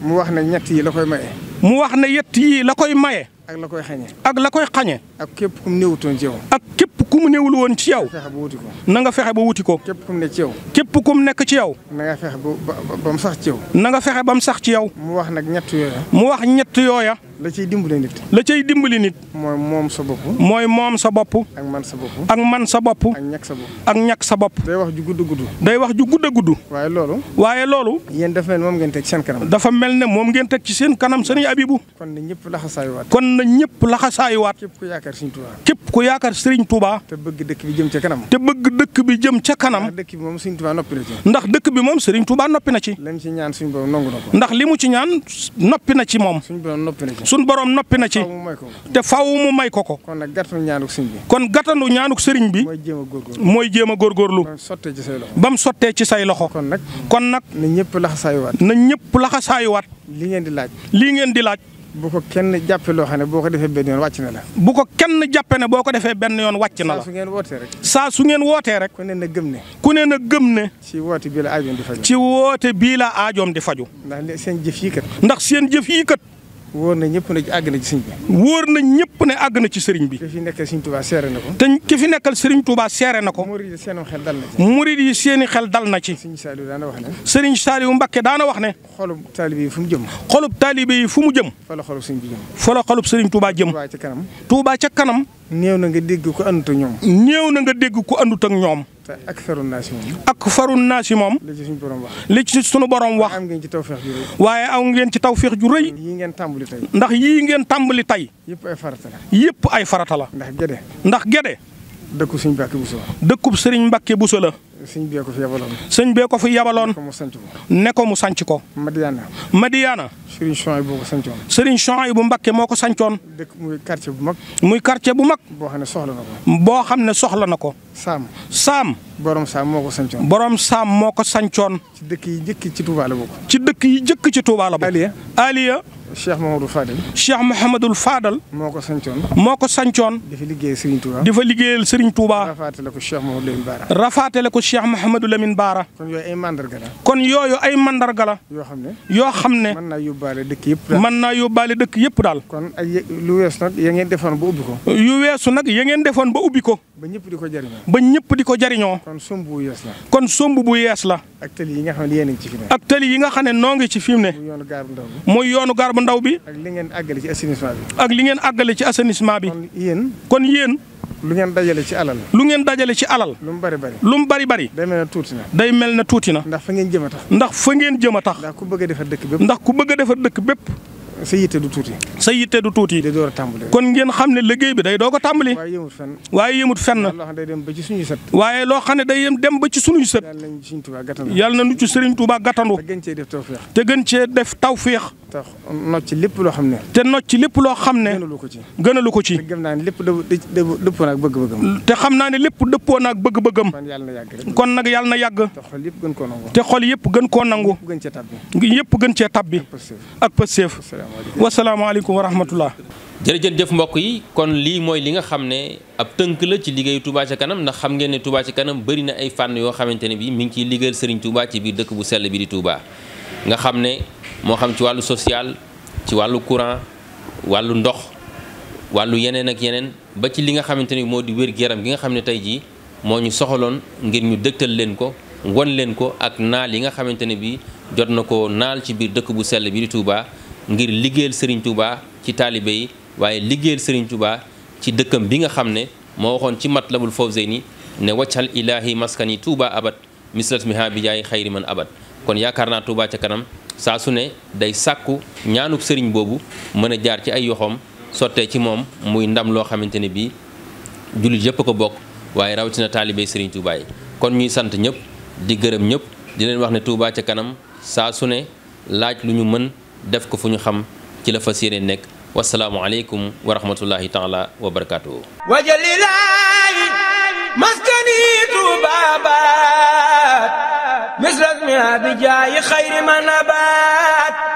[SPEAKER 12] mu wax ne ñett yii la koy maye. mu wax ne yett yii la koy maye. ak la koy xañe. ak la koy xañe. ak képp ku mu ci yow. ak képp ku mu néewul woon ci yow. na nga fexe ba wuti ko. képp ku mu nekk ci yow. képp ku mu nekk ci yow. na nga fexe ba mu sax ci yow. nanga nga fexe ba mu sax ci yow. mu wax nag ñett yooya. mu wax ñett yooya. la cay dimbali nit. la cay dimbali nit. mooy moom sa bopp. mooy moom sa bopp. ak man sa bopp. ak man sa bopp. ak ñàkk sa bopp. ak ñàkk sa bopp. day wax ju gudd gudd. day wax ju gudd gudd. waaye loolu. waaye loolu. yéen dafa mel ne moom ngeen teg ci seen kanam. dafa mel ne moom ngeen teg ci seen kanam sëñ Abibu. kon na ñëpp laxasaayuwaat. kon na ñëpp laxasaayuwaat. képp ku yaakaar Sëriñ Tuubaa. képp ku yaakaar Sëriñ Tuubaa. te bëgg dëkk bi jëm ca kanam. te bëgg dëkk bi jëm ca kanam. ndax dëkk bi moom Sëriñ Tuubaa noppi na ci. ndax dëkk bi moom Sëriñ Tuubaa noppi na ci. li mu ci ñaan suñu borom nangu na ko. li mu ci ñaan noppi na ci moom. suñu borom noppi na suñ borom noppi na ci te faw mu may ko ko kon nag gàttanu ñaanuk sëriñ bi kon gàttanu ñaanuk sëriñ bi mooy jéem a góorgóorlu ba mu sottee ci say loxo kon nag kon nag na ñëpp laxasaayuwaat na ñëpp laxasaayuwaat li ngeen di laaj lii ngeen di laaj bu ko kenn jàppee loo xam ne boo ko defee benn yoon wàcc na la. bu ko kenn jàppee ne boo ko defee benn yoon wàcc na la. saa su ngeen wootee rek. saa su ngeen wootee rek. ku ne na gëm ne. ku ne na gëm ne. ci woote bii la aajoom di faju. ci woote bii la aajoom di faju. ndax seen jëf yi kat. ndax seen jëf yi kat. wóor na ñëpp ne àgg na ci sëriñ bi. wóor na ñëpp ne àgg na ci sëriñ bi. ki fi nekkal sëriñ Touba seere na ko. te ki fi nekkal sëriñ Touba seere na ko. murid yi seen xel dal na ci. murid xel dal na ci. sëriñ Saliou daana wax ne. sëriñ Saliou Mbacké daana wax ne. xolub taalibe yi fu mu jëm. xolub taalibe yi fu mu jëm. fa la xolub sëriñ bi jëm. fa la xolub sëriñ Touba ca kanam. Touba ca kanam. néew na nga dégg ko àndut ak ñoom. néew na nga dégg ko àndut ak ñoom. te ak faru naas moom. ak faru naas moom. li ci suñu borom wax. li ci suñu borom wax. am ngeen ci tawféex ju rëy. waaye aw ngeen ci tawféex ju ndax yii ngeen tàmbali tey. yëpp ay farata la. ay farata la. ndax gede. ndax gede. dëkkub sëñ Mbacke Bousso la. dëkkub sëriñ Mbacke Bousso la. sëñ bee ko fi yabaloon. sëñ bee ko fi yabaloon. ne ko mu sanc ko. Madiana. Madiana. sëriñ yi boo ko sancoon. sëriñ Chouaïb bu mbakke moo ko sancoon. dëkk muy quartier bu mag. muy quartier bu mag. boo xam ne soxla na boo xam ne soxla na ko. Saam. Saam. borom Saam moo ko sancoon. borom Saam moo ko sancoon. ci dëkk yi njëkk ci Touba la bokk. ci dëkk yi njëkk ci Touba la bokk. Cheikh Mouhamadou Fadal. moo ko sancoon. moo ko sancoon. di fa liggéeyal Serigne Touba. di fa liggéeyal Serigne Touba. rafaatale ko Cheikh Mouhamadou Lamine Baara. rafaatale ko Cheikh Mouhamadou Lamine Baara. kon yooyu ay mandarga la. kon yooyu ay mandarga la. yoo xam ne. yoo xam ne. mën naa yóbbaale dëkk yëpp daal mën naa yóbbaale dëkk yëpp daal. kon ay lu weesu nag ya ngeen defoon ba ubbi ko. yu weesu nag ya ngeen defoon ba ubbi ko. ba ñëpp di ko jariñoo. ba ñëpp di ko jariñoo. kon somb bu yees la. kon somb bu yees la. ak tali yi nga xam ne noo ngi ci fi mu ne. muy yoonu gaaru ndaw bi. ak li ngeen àggale ci assainissement bi. ak li ngeen àggale ci assainissement bi. kon yéen. kon yéen. lu ngeen dajale ci alal. lu ngeen dajale ci alal. lu mu bari bari. lu mu bari bari. day mel ne tuuti na. day mel ne tuuti na. ndax fa ngeen jëm a tax. ndax fa ngeen jëm a tax. ndax ku bëgg a defar dëkk bépp. ndax ku bëgg a defar dëkk bépp. sa yitte du tuuti. sa yitte du tuuti. a tàmbali. kon ngeen xam ne liggéey bi day doog a tàmbali. waaye yëmut fenn. waaye yëmut fenn. loo xam ne day dem ba ci sët. waaye dem ba ci suñuy sët. yàlla na nu ci Serigne Touba gàttandu. te gën cee def tawféex. te gën lépp loo xam ne. te noc ci lépp loo xam ne. gënalu ko ci gënalu ko ci. te naa lépp dëppoo naag bëgg-bëggam. te xam naa ne lépp dëppoo naag bëgg-bëggam. kon nag yàlla na yàgg. te xol yëpp gën koo nangu. te xol yëpp gën koo nangu. yëpp gën cee tabbi. ak pësteef wasalaamaaleykum wa rahmatullah
[SPEAKER 2] jëf mbokk yi kon lii mooy li nga xam ne ab tënk la ci liggéeyu Touba ca kanam ndax xam ngeen ne Touba ca kanam bari na ay fànn yoo xamante ne bi mi ngi ciy liggéeyal Serigne Touba ci biir dëkk bu sell bi di Touba nga xam ne moo xam ci wàllu social ci wàllu courant wàllu ndox wàllu yeneen ak yeneen ba ci li nga xamante ni moo di wér-gu-yaram gi nga xam ne tey jii moo ñu soxaloon ngir ñu dëgtal leen ko won leen ko ak naal yi nga xamante ne bi jot na ko naal ci biir dëkk bu sell bi di Touba ngir liggéeyal Serigne Touba ci taalibe yi waaye liggéeyal Serigne Touba ci dëkkam bi nga xam ne moo waxoon ci Matlabul ni ne waccal ilaahi maskani Touba abad mislas miha bi jaay xayri man abad kon yaakaar naa Touba ca kanam saa su ne day sàkku ñaanuk sëriñ boobu mën a jaar ci ay yoxoom sottee ci moom muy ndam loo xamante ne bii jullit yëpp a ko bokk waaye rawatina taalibe Serigne Touba yi kon ñuy sant ñëpp di gërëm ñëpp di leen wax ne Touba ca kanam saa su ne laaj lu ñu mën def ko fu ñu xam ci la fas yéene nekk wasalaamu aleykum wa rahmatullahi taala wa barakaatuhu
[SPEAKER 1] wajalilaayi maskani tubaabaat
[SPEAKER 9] misras mi abijaayi xayri ma
[SPEAKER 1] nabaat